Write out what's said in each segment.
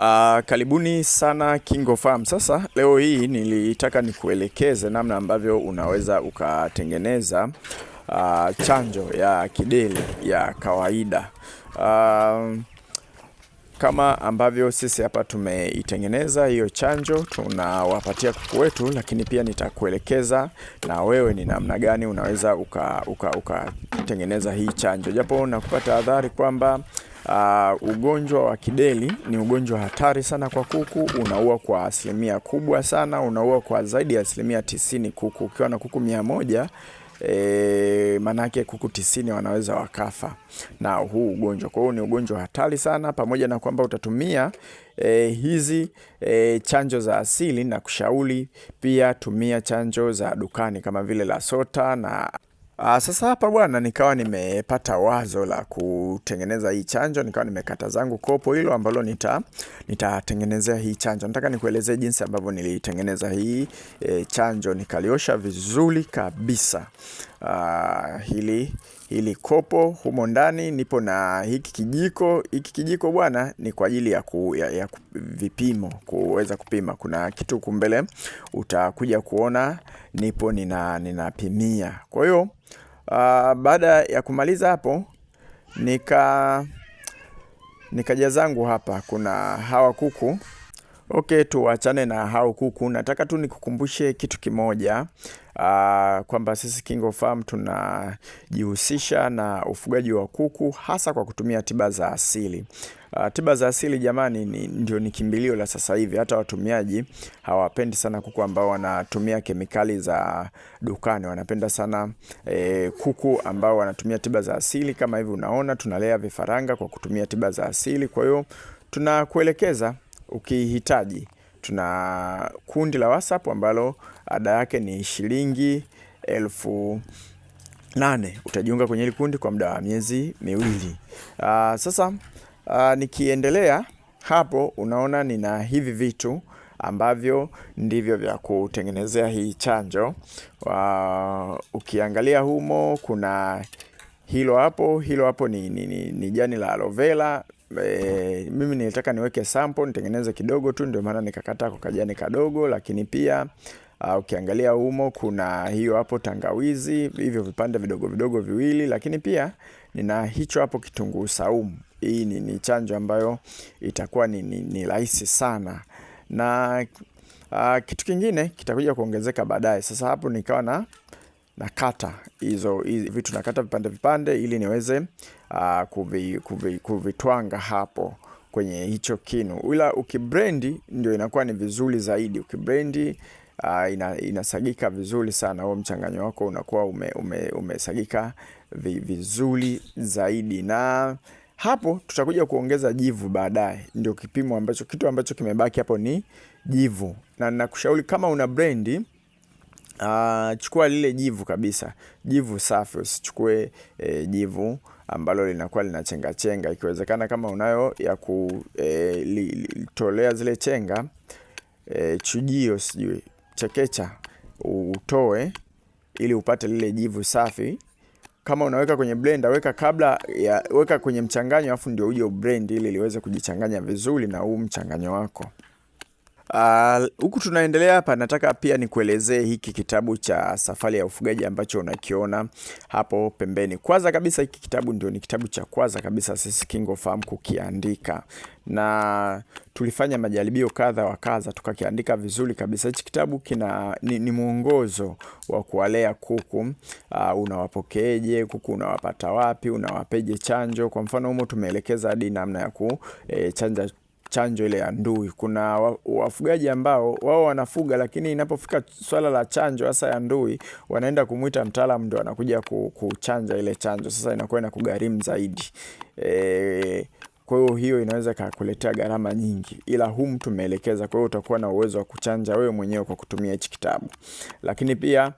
Uh, karibuni sana Kingo Farm. Sasa leo hii nilitaka nikuelekeze namna ambavyo unaweza ukatengeneza uh, chanjo ya kideli ya kawaida uh, kama ambavyo sisi hapa tumeitengeneza hiyo chanjo, tunawapatia kuku wetu, lakini pia nitakuelekeza na wewe ni namna gani unaweza ukatengeneza uka, uka hii chanjo, japo nakupa tahadhari kwamba Uh, ugonjwa wa kideli ni ugonjwa hatari sana kwa kuku, unaua kwa asilimia kubwa sana, unaua kwa zaidi ya asilimia tisini kuku. Ukiwa na kuku mia moja e, manake kuku tisini wanaweza wakafa na huu ugonjwa. Kwa hiyo ni ugonjwa hatari sana, pamoja na kwamba utatumia e, hizi e, chanjo za asili, na kushauri pia tumia chanjo za dukani kama vile Lasota na Aa, ah, sasa hapa bwana, nikawa nimepata wazo la kutengeneza hii chanjo, nikawa nimekata zangu kopo hilo ambalo nita nitatengenezea hii chanjo. Nataka nikuelezee jinsi ambavyo nilitengeneza hii e, chanjo. Nikaliosha vizuri kabisa uh, hili, hili kopo humo ndani nipo na hiki kijiko. Hiki kijiko bwana ni kwa ajili ya, ku, ya, ya vipimo kuweza kupima. Kuna kitu kumbele utakuja kuona nipo nina ninapimia. Kwa hiyo uh, baada ya kumaliza hapo nika nikaja zangu hapa, kuna hawa kuku Okay, tuachane na hao kuku. Nataka tu nikukumbushe kitu kimoja uh, kwamba sisi KingoFarm tunajihusisha na ufugaji wa kuku hasa kwa kutumia tiba za asili. Uh, tiba za asili jamani, ni, ndio ni kimbilio la sasa hivi. Hata watumiaji hawapendi sana kuku ambao wanatumia kemikali za dukani, wanapenda sana e, kuku ambao wanatumia tiba za asili. Kama hivi unaona tunalea vifaranga kwa kutumia tiba za asili, kwa hiyo tunakuelekeza ukihitaji Tuna kundi la WhatsApp ambalo ada yake ni shilingi elfu nane. Utajiunga kwenye hili kundi kwa muda wa miezi miwili. Ah, sasa ah, nikiendelea hapo, unaona nina hivi vitu ambavyo ndivyo vya kutengenezea hii chanjo. Ah, ukiangalia humo kuna hilo hapo, hilo hapo ni jani la aloe vera. Eh, mimi nilitaka niweke sample nitengeneze kidogo tu, ndio maana nikakata kwa kajani kadogo, lakini pia Uh, ukiangalia humo kuna hiyo hapo tangawizi, hivyo vipande vidogo vidogo viwili, lakini pia nina hicho hapo kitunguu saumu. Hii ni, ni chanjo ambayo itakuwa ni, ni, ni rahisi sana na uh, kitu kingine kitakuja kuongezeka baadaye. Sasa hapo nikawa na nakata hizo vitu, nakata vipande vipande ili niweze uh, kuvi, kuvi, kuvitwanga hapo kwenye hicho kinu, ila ukibrendi ndio inakuwa ni vizuri zaidi. Ukibrendi uh, ina, inasagika vizuri sana, huo mchanganyo wako unakuwa ume, ume, umesagika vizuri zaidi na hapo tutakuja kuongeza jivu baadaye, ndio kipimo ambacho, kitu ambacho kimebaki hapo ni jivu, na nakushauri kama una brendi Uh, chukua lile jivu kabisa, jivu safi. Usichukue eh, jivu ambalo linakuwa lina chenga chenga. Ikiwezekana kama unayo ya kutolea eh, zile chenga eh, chujio, sijui chekecha, utoe ili upate lile jivu safi. Kama unaweka kwenye blender, weka kabla ya, weka kwenye mchanganyo, afu ndio uje ublend ili liweze kujichanganya vizuri na huu mchanganyo wako. Ah, huku uh, tunaendelea hapa, nataka pia nikuelezee hiki kitabu cha Safari ya Ufugaji ambacho unakiona hapo pembeni. Kwanza kabisa hiki kitabu ndio ni kitabu cha kwanza kabisa sisi KingoFarm kukiandika na tulifanya majaribio kadha wa kadha tukakiandika vizuri kabisa. Hichi kitabu kina ni, ni mwongozo wa kuwalea kuku uh, unawapokeeje kuku, unawapata wapi, unawapeje chanjo. Kwa mfano humo tumeelekeza hadi namna ya kuchanja eh, e, chanjo ile ya ndui. Kuna wafugaji ambao wao wanafuga, lakini inapofika swala la chanjo hasa ya ndui, wanaenda kumwita mtaalamu ndo anakuja kuchanja ile chanjo. Sasa inakuwa ina kugharimu zaidi e, kwa hiyo hiyo inaweza kukuletea gharama nyingi, ila mtu umeelekeza, Kwa hiyo utakuwa na uwezo wa kuchanja wewe mwenyewe kwa kutumia hichi kitabu, lakini pia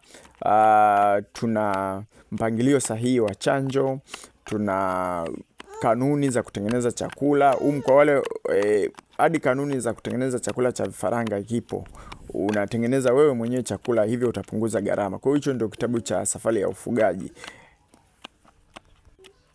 uh, tuna mpangilio sahihi wa chanjo tuna kanuni za kutengeneza chakula um, kwa wale eh, hadi e, kanuni za kutengeneza chakula cha vifaranga kipo, unatengeneza wewe mwenyewe chakula, hivyo utapunguza gharama. Kwa hiyo hicho ndio kitabu cha Safari ya Ufugaji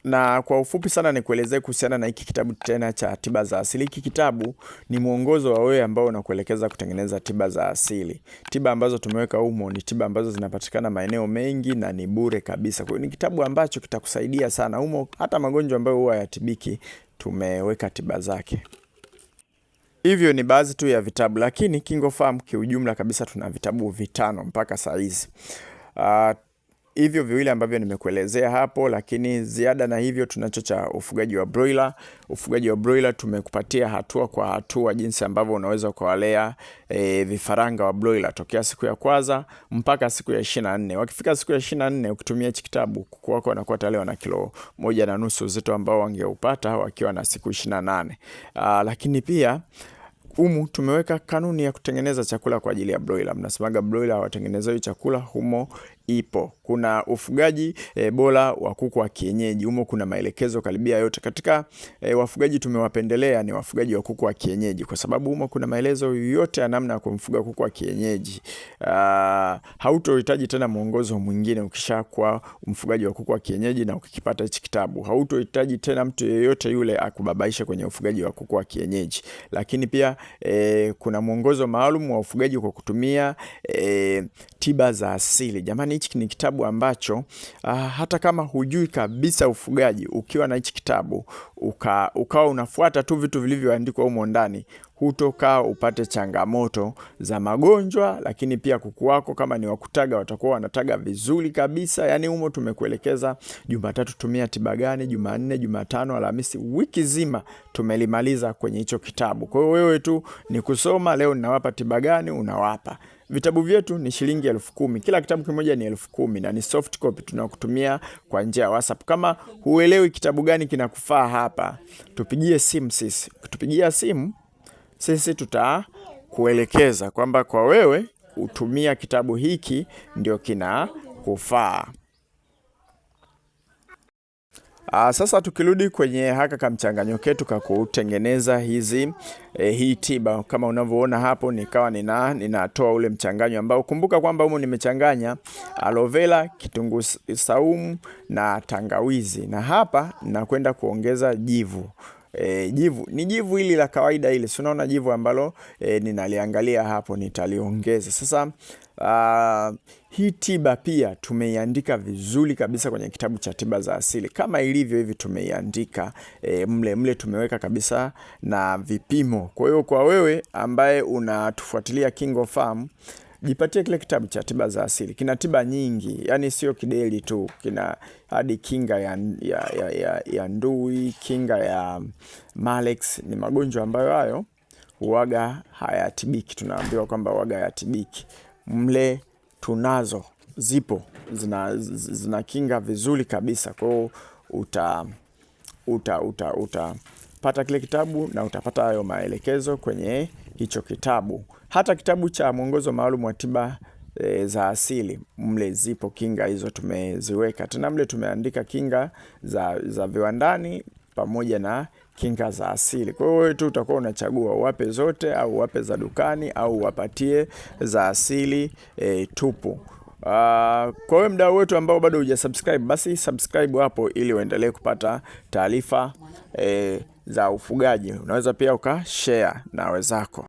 na kwa ufupi sana nikuelezee kuhusiana na hiki kitabu tena cha tiba za asili. Hiki kitabu ni mwongozo wa wewe ambao unakuelekeza kutengeneza tiba za asili. Tiba ambazo tumeweka humo ni tiba ambazo zinapatikana maeneo mengi na ni bure kabisa. Kwa hiyo ni kitabu ambacho kitakusaidia sana humo, hata magonjwa ambayo huwa hayatibiki tumeweka tiba zake. Hivyo ni baadhi tu ya vitabu, lakini KingoFarm kiujumla kabisa tuna vitabu vitano mpaka saa hizi. Uh, hivyo viwili ambavyo nimekuelezea hapo, lakini ziada na hivyo tunacho cha ufugaji wa broiler. Ufugaji wa broiler tumekupatia hatua kwa hatua jinsi ambavyo unaweza kuwalea e, vifaranga wa broiler tokea siku ya kwanza mpaka siku ya 24. Wakifika siku ya 24 ukitumia hichi kitabu, kuku wako wanakuwa tayari wana kilo moja na nusu uzito ambao wangeupata wakiwa na siku 28. Aa, lakini pia humu tumeweka kanuni ya kutengeneza chakula kwa ajili ya broiler. Mnasemaga broiler watengenezewe chakula humo ipo. Kuna ufugaji e, bora wa kuku wa kienyeji. Humo kuna maelekezo karibia yote. Katika e, wafugaji tumewapendelea ni wafugaji wa kuku wa kienyeji kwa sababu humo kuna maelezo yote ya namna ya kumfuga kuku wa kienyeji. hautohitaji tena mwongozo mwingine ukishakuwa mfugaji wa kuku wa kienyeji na ukikipata hichi kitabu. Hautohitaji tena mtu yeyote yule akubabaishe kwenye ufugaji wa kuku wa kienyeji. Lakini pia e, kuna mwongozo maalum wa ufugaji kwa kutumia e, tiba za asili. Jamani hichi ni kitabu ambacho uh, hata kama hujui kabisa ufugaji, ukiwa na hichi kitabu ukawa uka unafuata tu vitu vilivyoandikwa humo ndani hutokaa upate changamoto za magonjwa, lakini pia kuku wako kama ni wakutaga watakuwa wanataga vizuri kabisa. Yani humo tumekuelekeza Jumatatu tumia tiba gani, Jumanne, Jumatano, Alhamisi, wiki zima tumelimaliza kwenye hicho kitabu. Kwa hiyo wewe tu ni kusoma, leo ninawapa tiba gani, unawapa Vitabu vyetu ni shilingi elfu kumi. Kila kitabu kimoja ni elfu kumi na ni soft copy tunakutumia kwa njia ya WhatsApp. Kama huelewi kitabu gani kinakufaa hapa, tupigie simu sisi. Ukitupigia simu sisi tutakuelekeza kwamba kwa wewe utumia kitabu hiki ndio kinakufaa. Aa, ah, sasa tukirudi kwenye haka kamchanganyo ketu ka kutengeneza hizi e, hii tiba kama unavyoona hapo, nikawa nina ninatoa ule mchanganyo ambao kumbuka kwamba humo nimechanganya aloe vera, kitunguu saumu na tangawizi, na hapa nakwenda kuongeza jivu. E, jivu ni jivu hili la kawaida hili, si unaona jivu ambalo e, ninaliangalia hapo, nitaliongeza sasa Uh, hii tiba pia tumeiandika vizuri kabisa kwenye kitabu cha tiba za asili kama ilivyo hivi tumeiandika e, mle mle tumeweka kabisa na vipimo. Kwa hiyo kwa wewe ambaye unatufuatilia Farm, jipatie kile kitabu cha tiba za asili, kina tiba nyingi, yani sio kideli tu, kina hadi kinga ya, ya, ya, ya, ya ndui, kinga ya malex. Ni magonjwa ambayo hayo waga hayatibiki, tunaambiwa kwamba uwaga hayatibiki mle tunazo, zipo zina, zina kinga vizuri kabisa. Kwa hiyo uta uta uta utapata kile kitabu na utapata hayo maelekezo kwenye hicho kitabu. Hata kitabu cha mwongozo maalum wa tiba e, za asili mle zipo kinga hizo tumeziweka. Tena mle tumeandika kinga za, za viwandani pamoja na kinga za asili. Kwa hiyo wewe tu utakuwa unachagua uwape zote au uwape za dukani au wapatie za asili e, tupu. Uh, kwa hiyo mdau wetu ambao bado hujasubscribe basi subscribe hapo ili uendelee kupata taarifa e, za ufugaji. Unaweza pia ukashare na wenzako.